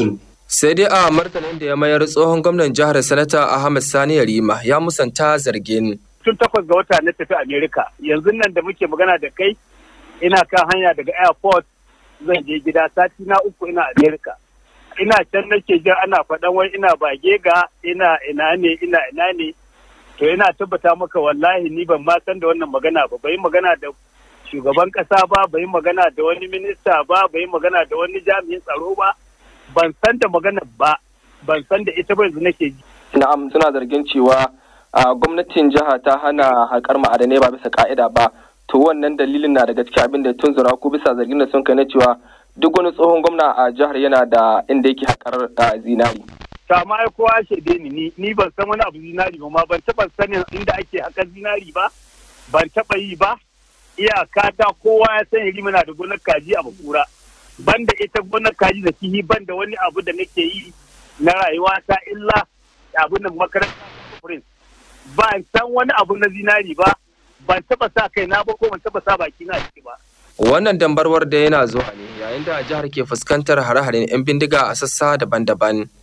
sulhu sai dai a martanin da ya mayar tsohon gwamnan jihar sanata ahmad sani yarima ya musanta zargin tun takwas ga wata na tafi amerika yanzu nan da muke magana da kai ina kan hanya daga airport zan je gida sati na uku ina amerika ina can nake jin ana faɗan wai ina bage ga ina ina ne ina ina ne to ina tabbata maka wallahi ni ban ma san da wannan magana ba bai magana da shugaban ƙasa ba bai magana da wani minista ba bai magana da wani jami'in tsaro ba ban san da magana ba ban san da ita ba yanzu nake ji na'am suna zargin cewa gwamnatin jiha ta hana haƙar ma'adanai ba bisa ka'ida ba to wannan dalilin na daga cikin abin da tun zura ko bisa zargin da sun kai na cewa duk wani tsohon gwamna a jihar yana da inda yake haƙar zinari ta ma kowa shaide ni ni ban san wani abu zinari ba ma ban taɓa sanin inda ake haƙar zinari ba ban taɓa yi ba iyaka ta kowa ya sani rimina da gonar kaji a bakura banda ita gonar kaji da kihi banda wani abu da nake yi na rayuwa ta illa abin da makaranta prince ba san wani abu na zinari ba ban taba sa kai na ba ko ban taba sa baki na ciki ba wannan dambarwar da yana zuwa ne yayin da jihar ke fuskantar hare-haren 'yan bindiga a sassa daban-daban